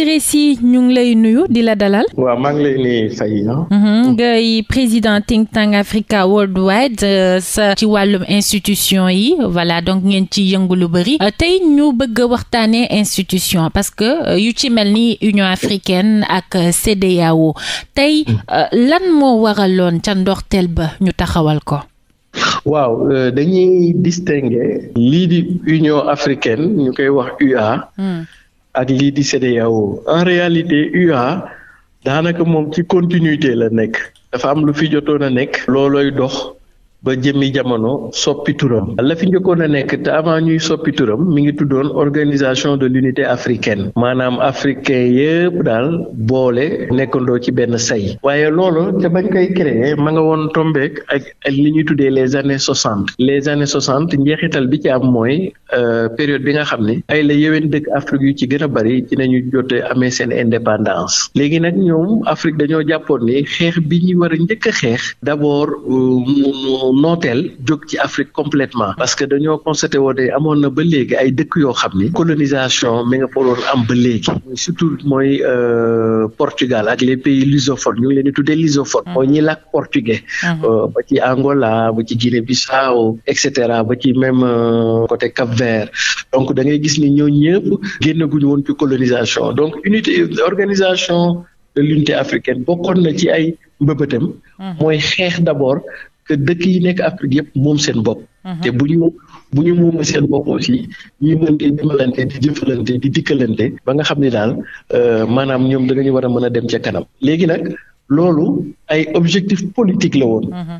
Siré Sy ñu ngi lay nuyu di la dalal. waaw maa ngi lay nuyu Faye. Mhm, ngay président think tank Africa Worldwide euh, sa ci wàllum institution yi voilà donc ngeen ci yëngu lu bëri euh, tey ñu bëgg a waxtaanee institution parce que euh, yu ci mel ni Union africaine ak CEDEAO tey mm. lan moo waraloon ca ndorteel ba ñu taxawal ko. waaw dañuy distinguer lii di Union africaine ñu koy wax UA. Mm. ak lii di CEDEAO en réalité UA daanaka moom ci continuité la nekk dafa am lu fi joto a nekk. loolooy dox ba jëmmi jamono soppi turam la njëkkoon a nekk te ñuy soppi mi ngi tuddoon organisation de l'unité africaine maanaam africain yëpp daal boole nekkandoo ci benn say waaye loolu te koy créer ma nga woon tombeek ak li ñuy tuddee les années soixante les années soixante njeexital bi ci am mooy euh, période bi nga xam ne ay la yéwén dëkk Afrique yu ci gën a bari ci nañu jote amee seen indépendance léegi nag ñoom Afrique dañoo jàppoon ni xeex bi ñu war njëkk a xeex d'abord euh, aw nooteel jóg ci Afrique complètement parce que dañoo constaté woo ne amoon na ba léegi ay dëkk yoo xam ni colonisation mi nga fa doon am ba léegi surtout mooy euh, Portugal ak les pays lusophones ñu ngi leen di tuddee lusophone mm-hmm. mooy ñi làkk portugais mm-hmm. euh, ba ci Angola ba ci Guinée Bissau et cetera ba ci même euh, côté Cap Vert donc da ngay gis ni ñoo ñëpp génn guñu woon ci colonisation donc unité organisation de l'unité africaine bokkoon na ci ay mbëbëtam mm-hmm. mooy xeex d'abord que dëkk yi nekk Afrique yëpp moom seen bopp. Mhm. te bu ñu bu ñu moom seen bopp aussi ñuy mën di dimbalante di jëfalante di dikkalante ba nga xam ne daal euh, maanaam ñoom ñu war a mën a dem ca kanam léegi nag loolu ay objectif politique la woon. Mhm.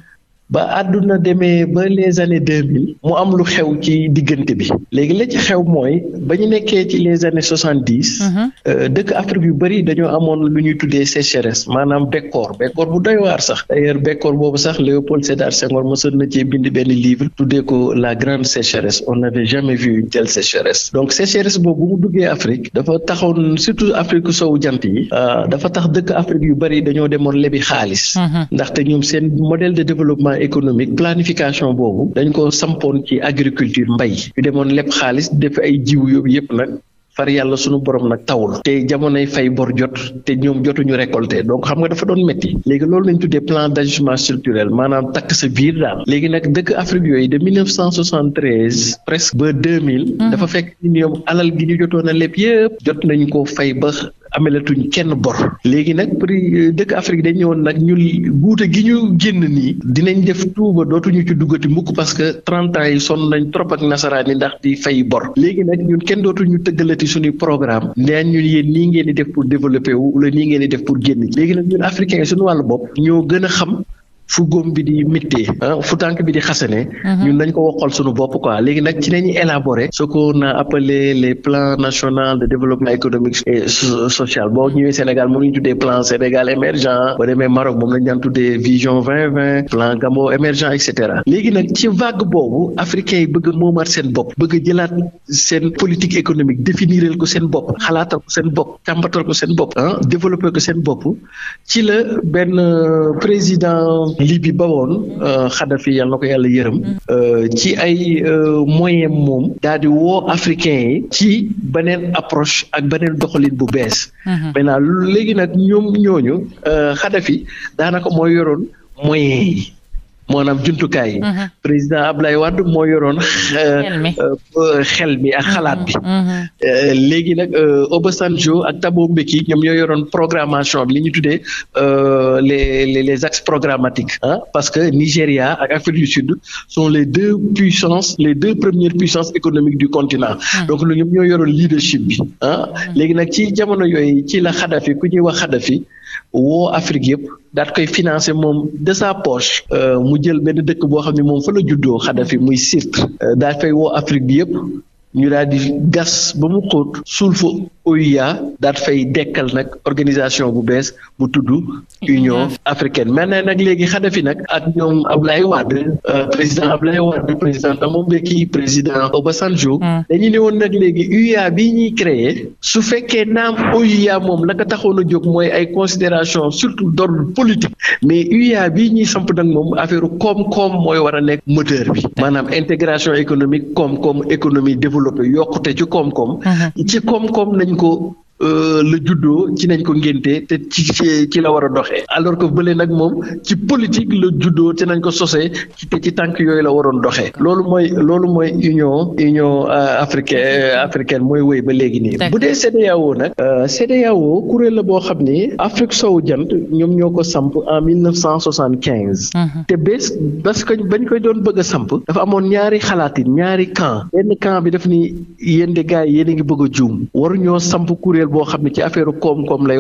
ba àdduna demee ba les années deux mille mu am lu xew ci diggante bi léegi la ci xew mooy ba ñu nekkee ci les années soixante dix. Mhm. Euh, dëkk Afrique yu bëri dañoo amoon lu ñuy tuddee sécheresse maanaam bekkoor bekkoor bu doy waar sax d'ailleurs bekkoor boobu sax Léopold Sédar Senghor mosoon na ci bind benn livre tuddee ko la grande sécheresse on n'avait jamais vu une telle sécheresse donc sécheresse boobu bu mu dafa taxoon surtout Afrique sowu jant yi euh, dafa tax dëkk Afrique yu bëri dañoo demoon lebi xaalis. Mhm. ndaxte ñoom seen modèle de développement économique planification boobu dañ ko sampoon ci agriculture mbay yu demoon lépp xaalis def ay jiw yóbbu yëpp nag far yàlla sunu borom nag tawul te jamonoy fay bor jot te ñoom jotuñu récolté donc xam nga dafa doon métti léegi loolu lañ tuddee plan d'ajustement structurel maanaam takk sa biir daal léegi nag dëkk Afrique yooyu de 1973 presque ba mille mm-hmm. dafa fekk ñoom alal gi ñu jotoon a lépp yëpp jot nañu ko fay ba amelatuñ kenn bor léegi nag prix euh, dëkk Afrique dañ ñëwoon nag ñun guute gi ñu génn nii dinañ def tuuba dootuñu ci duggati mukk parce que trente ans yi sonn nañ trop ak nasaraan yi ndax di fay bor léegi nag ñun kenn dootuñu tëggalati suñu programme neen ñun yéen nii ngeen di def pour développer wu la nii ngeen di def pour génn léegi nag ñun africain suñu wàllu bopp ñoo gën a xam fu góom bi di mittee ah, fu tànk bi di xasane mhm. ñun dañ ko waxal suñu bopp quoi léegi nag ci nañu élaborer ce qu'on a appelé les plans nationaux de développement économique social boo ñëwee Sénégal moom ñu tuddee plan Sénégal émergent boo demee Maroc moom lañ daan tuddee vision vingt vingt plan Gambo émergent et cetera léegi nag ci vague boobu africains yi bëgg a moomaat seen bopp bëgg a jëlaat seen politique économique définiral ko seen bopp xalaatal ko seen bopp càmbatal seen bopp ah développer ko seen bopp ci la benn président li bi bawoon euh, xadafi yàlla na ko yàlla yërëm euh, ci ay euh, moyen moom daal woo africain yi ci beneen approche ak beneen doxalin bu bees mhm. maintenant léegi nag ñoom ñooñu xadafi daanaka mooy yoroon moyen yi maanaam jumtukaay yi. Mm-hmm. président Ablaye Wade moo yoroon. Euh, xel mi euh, a xalaat bi. Mm-hmm. Mm-hmm. Euh, léegi nag Obasanjo ak Thabo Mbeki ñoom ñoo yoroon programmation bi li ñu tuddee les les les axes programmatiques parce que Nigéria ak Afrique du Sud sont les deux puissances les deux premières puissances économiques du continent. donc ñoom ñoo yoroon leadership bi léegi nag ci jamono yooyu ci la Kadhafi ku ñuy wax Kadhafi. woo Afrique yëpp daat koy financé moom de sa poche euh, mu jël benn dëkk boo xam ne moom fa la juddoo Kadhafi muy Sirte euh, daat fay woo Afrique bi yëpp ñu daal di gas ba mu xóot suul fa OUA daal fay dekkal nag organisation bu bees bu tudd Union africaine naa nag léegi Kadhafi nag ak ñoom Ablaye Wade euh, président Ablaye Wade président Thabo Mbeki président Obasanjo hmm. dañu ne woon nag léegi UA bi ñuy créer su fekkee naam OUA moom la ko taxoon a jóg mooy ay considération surtout d'ordre politique mais UA bi ñuy samp nag moom affaire koom-koom mooy war a nekk moteur bi maanaam intégration économique koom économie développé yokkute ci koom-koom. ci koom-koom lañ ko Euh, la juddoo ci nañ ko ngéntee te ci la war a doxee alors que bële nag moom ci politique la juddoo te nañ ko sose te ci tànk yooyu la waroon doxee loolu mooy loolu mooy union union euh, africaine euh, africaine mooy wéy ba léegi nii bu dee CEDEAO nag CEDEAO kuréel la boo xam ni Afrique sowu jant ñoom ñoo ko samp en mille neuf cent soixante quinze mhm. te bés parce que bañ koy doon bëgg a samp dafa amoon ñaari xalaatin ñaari camp benn camp bi def nii yéen de gars yi yéen a ngi bëgg a juum waruñoo samp kuréel boo xam ne ci affaire koom-koom lay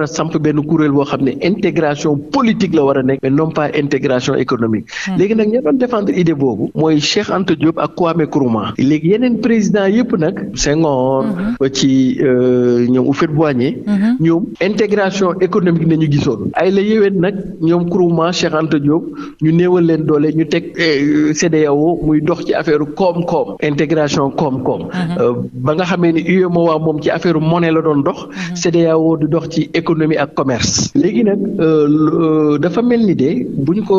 a samp benn kuréel boo xam ne intégration politique la war nekk mais non pas hmm. léegi nag ñoo doon défendre boobu mooy Cheikh Anta Diop ak Kwame Nkrumah léegi yeneen président yëpp nag Senghor. Hmm. ba ci euh, ñoom Houphouët-Boigny. Hmm. ñoom intégration économique nañu gisoon ay la nag ñoom Nkrumah Cheikh Anta Diop ñu néewal leen doole ñu teg euh, CEDEAO muy dox ci affaire koom-koom intégration koom-koom euh, ba nga xamee ni UEMOA moom moom ci affaire monnaie la doon dox. Mhm. CEDEAO di dox ci économie ak commerce. léegi nag euh, dafa mel ni de bu ñu ko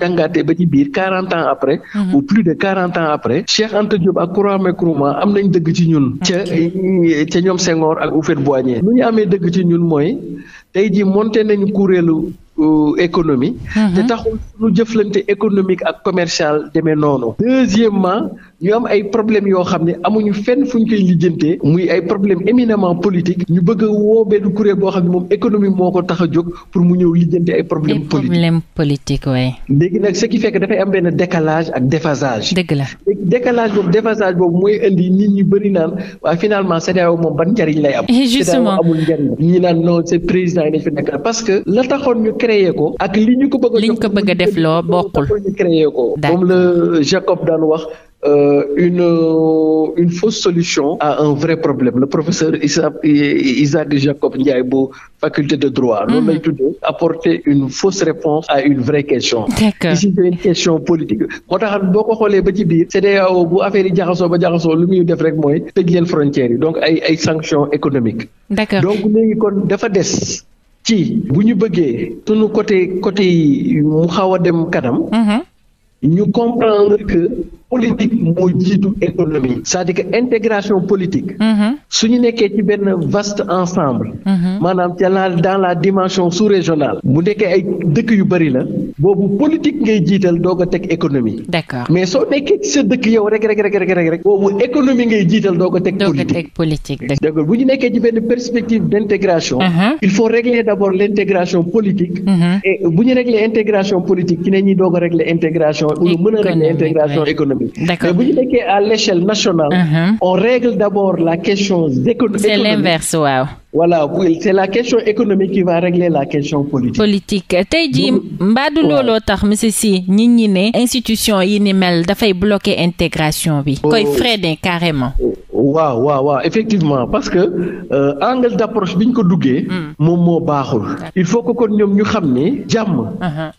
jàngaatee ba ci biir quarante ans après. Mhm. ou plus de quarante ans après. Cheikh ante Diop ak Kwame Nkrumah am nañ dëgg ci ñun. ca ñoom Senghor ak Houphouët-Boigny. nu ñu amee dëgg ci ñun mooy tey ji monté nañu kuréelu. économie. Mhm. te taxul suñu jëflante économique ak commercial demee noonu. deuxièmement ñu am ay problèmes yoo xam ne amuñu fenn fu ñu koy lijjantee. muy ay problème éminement politique. ñu bëgg a woo benn kuréel boo xam ne moom économie moo ko tax a jóg pour mu ñëw lijjante ay problème politiques problèmes politiques waay. léegi nag ce qui fekk dafay am benn décalage ak déphasage. dëgg la léegi décalage boobu déphasage boobu mooy indi nit ñi bëri naan waaye finalement CEDEAO moom ba njariñ lay am. créé ko ak li ñu ko bëgg a. ko bëgg a def loo bokkul ñu créé ko. moom la Jacob daan wax. Euh, euh, une fausse solution à un vrai problème le professeur Isaac Isaac Jacob Ndiaye bu faculté de droit. Mm-hmm. loolu lay tuddee apporter une fausse réponse à un vraie question. d'accord ici politique moo tax boo ko xoolee ba ci biir. CEDEAO bu affaire yi jaxasoo ba jaxasoo lu muy def rek mooy tëj leen frontières yi donc ay ay sanctions économiques. donc léegi kon dafa des. ci bu ñu bëggee sunu côté côté yi mu xaw a dem kanam. Mm-hmm. ñu comprendre que politique moo jiitu économie c'est-à-dire que intégration politique mm-hmm. su ñu nekkee ci benn vaste ensemble mm-hmm. maanaam ca la dans la dimension sous-régionale bu nekkee ay dëkk yu bari la boobu politique ngay jiital doo a teg économie d'accord mais soo nekkee ci sa dëkk yow rek rek rek rek rek boobu économie ngay jiital doog a teg politique d'accord bu ñu nekkee ci benn perspective d'intégration mm-hmm. il faut régler d'abord l'intégration politique et bu ñu régler intégration politique ci ne ñuy doog a régler intégration mooy lu mën a régler intégration économique mais bu ñu nekkee à l'échelle nationale mhm. on règle d'abord la question économique c'est l'inverse waaw voilà c'est la question économique qui va régler la question politique politique tey jii mbaadu tax monsieur Sy nit ñi ne institution yi ni mel dafay bloquer intégration bi oh. koy freiner carrément waaw waaw waaw effectivement parce que euh, angle d'approche bi ñu ko duggee mm. moom moo baaxul il faut que kon ñoom ñu xam ne jàmm uh-huh.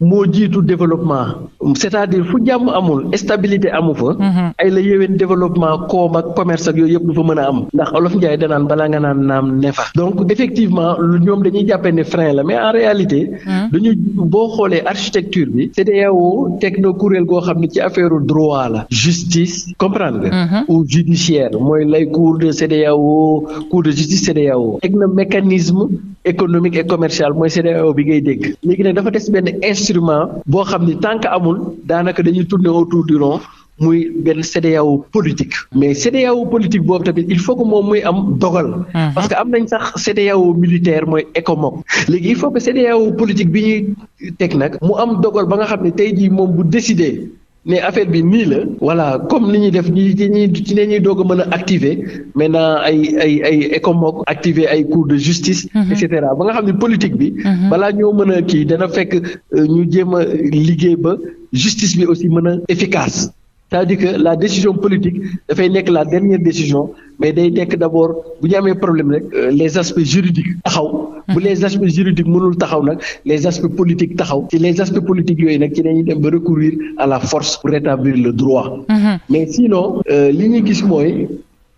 moo jiitu développement c'est-à-dire fu jàmm amul stabilité amu fa. Mhm. ay la yéwén développement koom ak commerce ak yooyu yëpp lu fa mën a am. ndax olof Njaay danaan balaa nga naan naam ne fa. donc effectivement ñoom dañuy jàppee ne frein la mais en réalité. Mhm. dañu boo xoolee architecture bi. CEDEAO teg na kuréel goo xam ne ci affaire droit la. justice comprendre nga. Mhm. ou judiciaire mooy lay cour de CEDEAO cour de justice CEDEAO. teg na mécanisme. économique et commercial mooy CEDEAO bi ngay dégg léegi nag dafa des benn instrument boo xam ni tant que amul daanaka dañuy tourner autour du rond muy benn CEDEAO politique mais CEDEAO politique boobu tamit il faut que moom muy am dogal mhm. parce que am nañ sax CEDEAO militaire mooy ECOMOG léegi il faut que CEDEAO politique bi ñuy teg nag mu am dogal ba nga xam ne tey jii moom bu décider ne affaire bi nii la voilà comme ni ñuy def ñi ci ñuy ci ne ñuy doog mën a activer maintenant ay ay ay ECOMOG activer ay cours de justice mm-hmm. et ba nga xam ne politique bi mm-hmm. balaa ñoo mën a kii dana fekk euh, ñu jéem a liggéey ba justice bi aussi mën a efficace cest à que la décision politique dafay nekk la dernière décision mais day nekk d' abord bu ñu amee problème rek euh, les aspects juridiques taxaw bu les aspects juridiques mënul taxaw nag les aspects politiques taxaw ci les aspects politiques yooyu nag ci dañuy dem ba recourir à la force pour rétablir le droit mm-hmm. mais sinon euh, li ñuy gis mooy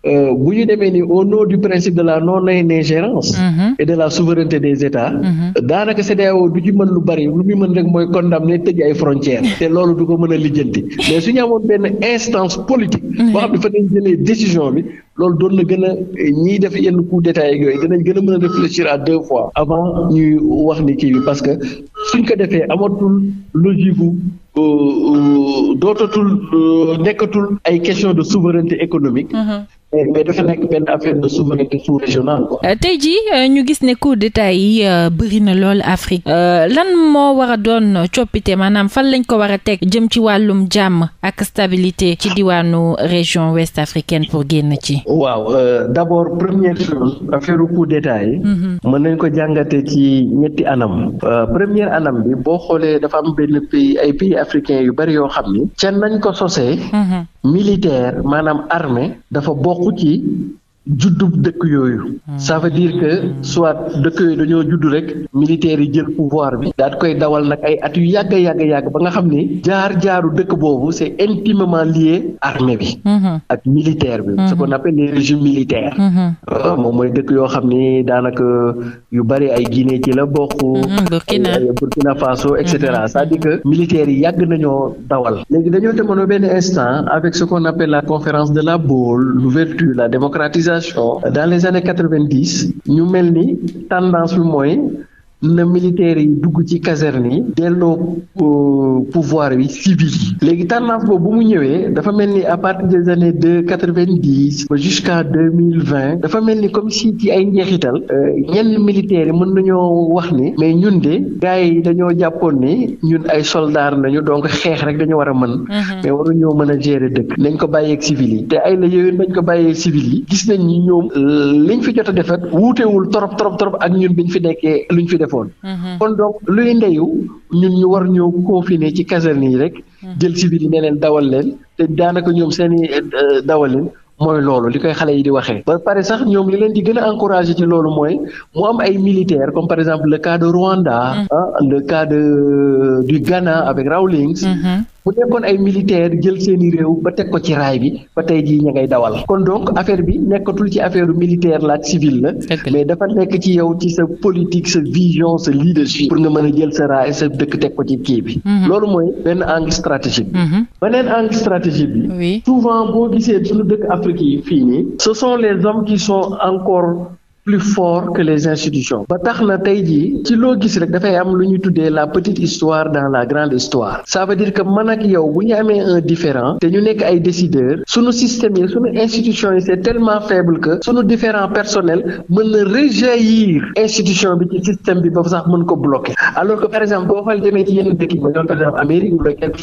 euh, bu ñu demee ni au nom du principe de la non ingérence mm-hmm. et de la souveraineté des états mm-hmm. daanaka CEDEAO du ci mën lu bari lu muy mën rek mooy condamner tëj ay frontières te loolu du ko mën a lijjanti mais su ñu amoon benn décision bi loolu doon na gën a ñiy def yenn coup d'état yeeg yooyu dinañ gën a mën a réfléchir à deux fois avant ñuy wax ni kii bi parce que suñ ko defee amatul logique bu euh, euh, dootatul euh, nekkatul ay question de souveraineté économique mm-hmm. mais dafa nekk benn affaire de souveraineté sous-régionale tey jii ñu gis ne coup d'état yi bëri na lool Afrique lan moo war doon coppite maanaam fan lañ ko war a teg jëm ci wàllum jàmm ak stabilité ci diwaanu région ouest africaine pour génn ci. waaw euh, d'abord première chose affaire coût d'état yi. Mm-hmm. mën nañ ko jàngate ci ñetti anam. Euh, première anam bi boo xoolee dafa am benn pays ay pays africains yu bari yoo xam ni. ca nañ ko sosee. Mm-hmm. militaire maanaam armée dafa bokk ci. juddub dëkk yooyu hmm. ça veut dire que soit dëkk yooyu dañoo judd rek militaires yi jël pouvoir bi daal koy dawal nag ay at yu yàgg yàgg yàgg ba nga xam ni jaar-jaaru dëkk boobu c'est intimement lié armée bi hmm. ak militaire bi ce qu'on hmm. appelle les régimes ah, yoo xam ni daanaka yu bari ay Guinée ci la bokk Burkina Faso et cetera c'est-à-dire que militaires yi yàgg nañoo dawal léegi dañoo demoon benn instant avec ce qu'on appelle la conférence de la Baule l'ouverture la démocratisation génération dans les années quatre-vingt-dix ñu mel ni tendance lu mooy na militaires yi dugg ci caserne yi delloo euh, pouvoir bi civil yi léegi tendance boobu bu mu ñëwee dafa mel ni à partir des années de quatre-vingt-dix ba jusqu'à deux mille vingt dafa mel ni comme si ci ay njeexital euh, ñenn militaires yi mën nañoo wax ni mais ñun de gars yi dañoo jàppoon ni ñun ay soldats nañu donc xeex rek dañu war a mën mhm. mais waruñoo mën a gérer dëkk nañ ko bàyyeeg civil yi te ay la yooyu nañ ko bàyyee civil yi gis nañ ñi ñoom liñ fi jot a defat wuutewul torop torop torop ak ñun biñ fi nekkee luñ fi def defoon. Mhm. kon donc luy ndeyu ñun ñu war ñoo confiné ci caserne yi rek. Mhm. jël civil yi ne leen dawal leen te daanaka ñoom seen i eh, eh, dawal mooy loolu li koy xale yi di waxee. ba pare sax ñoom li leen di gën a encouragé ci loolu mooy mu am ay militaires comme par exemple le cas de Rwanda. Mhm. Ah, le cas de du Ghana avec Rawlings. bu nekkoon ay militaire jël seeni réew ba teg ko ci raay bi ba tey jii ña ngay dawal kon donc affaire bi nekkatul ci affaire militaire la ak civil la mais dafa nekk ci yow ci sa politique sa vision sa leadership pour nga mën a jël sa raay sa dëkk teg ko ci kii mhm. loolu mooy benn angle stratégique bi mhm. beneen angle stratégique bi souvent boo gisee suñu dëkk Afrique yi fii nii ce sont les hommes qui sont encore plus fort que les institutions ba tax na tey jii ci loo gis rek dafay am lu ñu tuddee la petite histoire dans la grande histoire ça veut dire que man ak yow bu ñu amee un différent te ñu nekk ay décideurs sunu système yi sunu institution yi c'est tellement faible que sunu différent personnel mën na rejaillir institution bi ci système bi ba sax mën ko bloquer alors que par exemple boo xoolee demee ci yenn dëkk ma doon par exemple Amérique wala quelque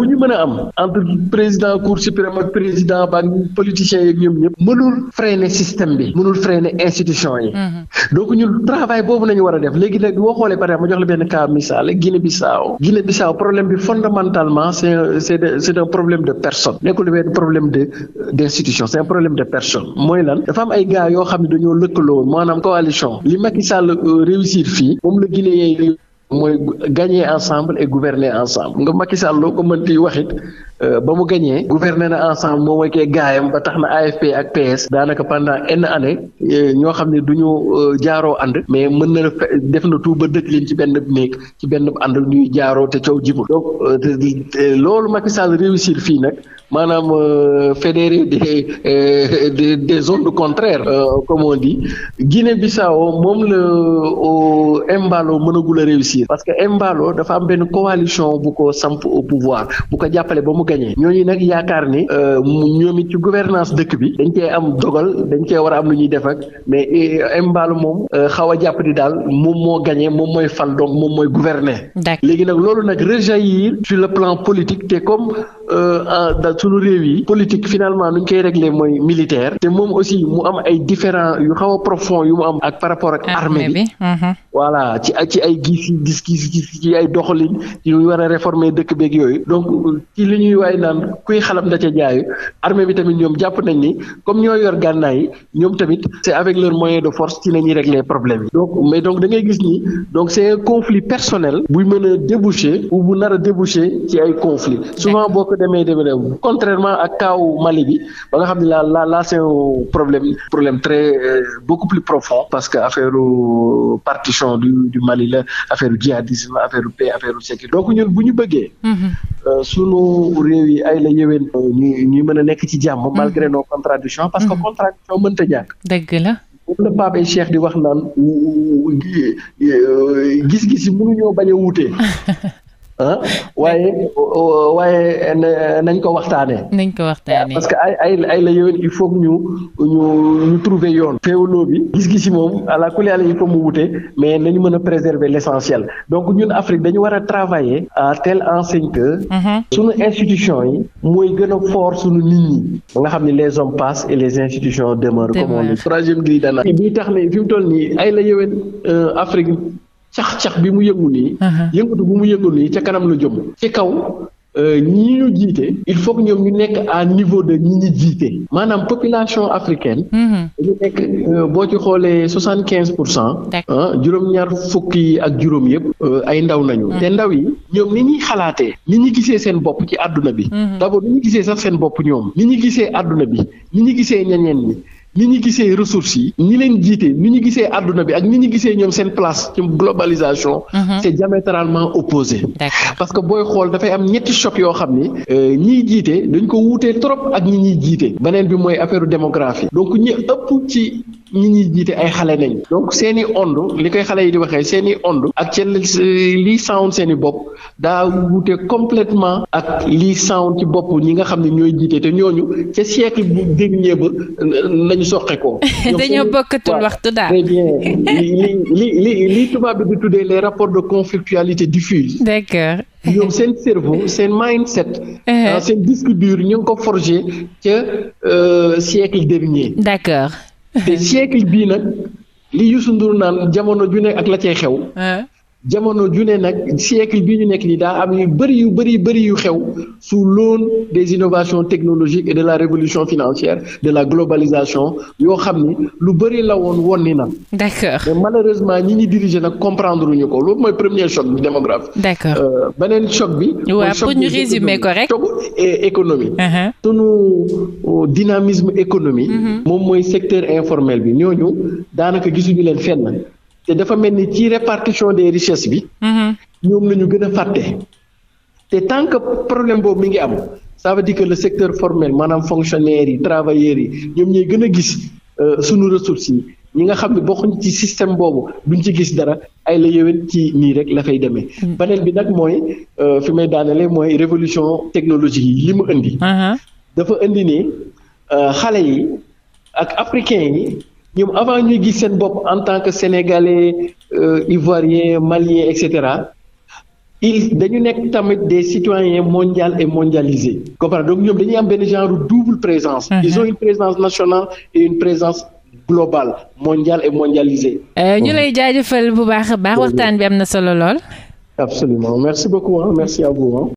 bu ñu mën a am entre président cour freiner institution yi. Mm-hmm. donc ñun travail boobu nañu war a def léegi nag boo xoolee par exemple ma jox la benn ka misaal Guinée Bissau. Guinée Bissau problème bi fondamentalement c' est c' est c' est un problème de personne nekkul benn problème de institution c' est problème de personne mooy lan dafa am ay gars yoo xam ne dañoo lëkkaloo maanaam coalition li Macky Sall euh, réussir fii moom la Guinée mooy gagner ensemble et gouverner ensemble nga Macky Sall loo ko mënti waxit Euh, ba mu gagné gouverner na ensemble moom ak gaayam ba tax na AFP ak PS daanaka pendant une année euh, ñoo xam ne du ñu euh, jaaroo ànd mais mën na def na tout ba dëkk leen ci benn bu néeg ci benn ànd ñuy jaaroo te coow jibul donc loolu Macky Sall réussir fii nag maanaam fédéré des des des zones contraires comme on dit Guinée-Bissau moom la Embalo mënagul a réussir parce que Embalo dafa am benn coalition bu ko samp au pouvoir bu ko jàppale ba mu gagné ñooñu nag yaakaar ni euh, ñoom it ci gouvernance dëkk bi dañ cee am dogal dañ cee war a am lu ñuy def ak mais Embalo euh, moom euh, xaw a jàpp ni daal moom moo gagné moom mooy fal donc moom mooy gouverner. léegi nag loolu nag rejaillir sur le plan politique te comme da suñu réew yi politique finalement nu ñu koy réglé mooy militaire te moom aussi mu am ay différent yu xaw a profond yu mu am ak par rapport ak armée bi mhm. voilà ci ci ay gis gis gis gis ci ay doxalin yu war a réformer dëkk beeg yooyu donc ci li ñuy waay naan kuy xalam da ca jaayu armée bi tamit ñoom jàpp nañ ni comme ñoo yor gànnaay ñoom tamit c' est avec leur moyen de force ci la ñuy régler problème yi donc mais donc da gis ni donc est un conflit personnel buy mën a déboucher bu nar a déboucher ci ay conflit souvent boo ko demee demee contrairement ak kaaw Mali bi ba nga xam ne la la la problème problème très euh, beaucoup plus profond parce que affaire partition du du Mali la affaire jihadisme affaire paix affaire sécurité donc bu ñu bëggee mm-hmm. euh, réew yi ay la euh, ñu ñuy mën a nekk ci jàmm mhm. malgré nos contradictions parce que mhm. contradiction mënta ñàkk dëgg la moom la Pape Cheikh di wax naan euh, euh, gis-gis yi mënuñoo bañ a wuute ah waaye waaye nañ ko waxtaanee. nañ ko waxtaanee parce que ay ay ay la yoon il faut ñu ñu ñu trouver yoon. féewaloo bi gis-gis moom ala kulli àll il faut mu wute mais nañu mën a préserver l' essentiel donc ñun Afrique dañu war a travailler à telle enseigne que. Mhm. suñu institution yi mooy gën a fort suñu nit ñi. nga xam ni les hommes passent et les institutions demeurent. comme on dit troisième a d'analyse bi tax ne fi mu toll nii ay la yoon euh, Afrique. cax-cax bi mu yëngu nii. Uh-huh. yëngatu bu mu yëngu nii ca kanam la jëm. ci kaw euh, ñi ñu jiite. il faut que ñoom ñu nekk à niveau de ñi ñu jiite. maanaam population africaine. Uh-huh. Euh, boo ci xoolee soixante quinze pour cent. Ah, juróom-ñaar fukki ak juróom yëpp. Euh, ay ndaw nañu. Uh-huh. te ndaw yi ñoom ni ñuy xalaatee. ni ñu gisee seen bopp ci àdduna bi. d'abord ni ñu gisee sax seen bopp ñoom. ni ñu gisee àdduna bi ni ñu gisee ñeneen ñi. ni ñu gisee ressources yi ni leen jiite ni ñu gisee àdduna bi ak ni ñu gisee ñoom seen place ci globalisation mhm. c'est diamétralement opposé parce que booy xool dafay am ñetti choc yoo xam ni euh, ñiy jiite dañ ko wuutee trop ak ñi ñuy jiite beneen bi mooy affaire démographie donc ñi ëpp ci ñu ñuy jiite ay xale nañ donc seen ond li koy xale yi di waxee seen i ond ak seen lii sound seen i bopp daa wute complètement ak lii sound ci bopp ñi nga xam ne ñooy jiite te ñooñu ca siècle bu dernier ba nañu soqe ko dañoo bokkatul waxtu daal très bien li li li tubaab bi di tuddee les rapport de conflictualité diffuse d'accord ñoom seen cerveau seen mindset. Uh-huh. Ah, seen disque dur ñu ngi ko forgé ca euh, siècle dernier. d'accord. te siècle bii nag li Youssou Ndour naan jamono bi nekk ak la cay xew. Eh. jamono ju ne nag siècle bi ñu nekk nii daa am yu bëri yu bëri bëri yu xew su l'aune des innovations technologiques et de la révolution financière de la globalisation yoo xam ni lu bëri la woon woon ni na. d'accord mais malheureusement ñi ñuy diriger nag comprendre ñu ko loolu mooy premier choc bi démographique. d'accord euh, beneen choc bi. mooy choc bi économie choc uh-huh. économie. sunu euh, dynamisme économie. Mm-hmm. moom mooy secteur informel bi ñoo ñooñu daanaka gisuñu leen fenn. te dafa mel ni ci répartition des richesses bi. Mm-hmm. ñoom la ñu gën a fàtte. te tant que problème boobu mi ngi am ça veut dire que le secteur formel maanaam fonctionnaires yi travailleurs yi ñoom ñooy gën a gis euh, sunu ressources yi ñi nga xam ne bokkuñ ci système boobu duñ ci gis dara ay la yëwén ci nii rek la fay demee. Mm. beneen bi nag mooy euh, fi may daanale mooy révolution technologique yi li mu indi. Mm-hmm. dafa indi nii euh, xale yi ak africain yi. ñoom avant ñuy gis seen bopp en tant que sénégalais euh, ivoirien malien et cetera il dañu nekk tamit des citoyens mondiaux et mondialisés comprendre donc ñoom dañuy am benn genre double présence mm -hmm. ils ont une présence nationale et une présence globale mondiale et mondialisée euh, ñu lay jaajëfal bu baax a baax waxtaan bi am na solo lool absolument merci beaucoup hein. merci à vous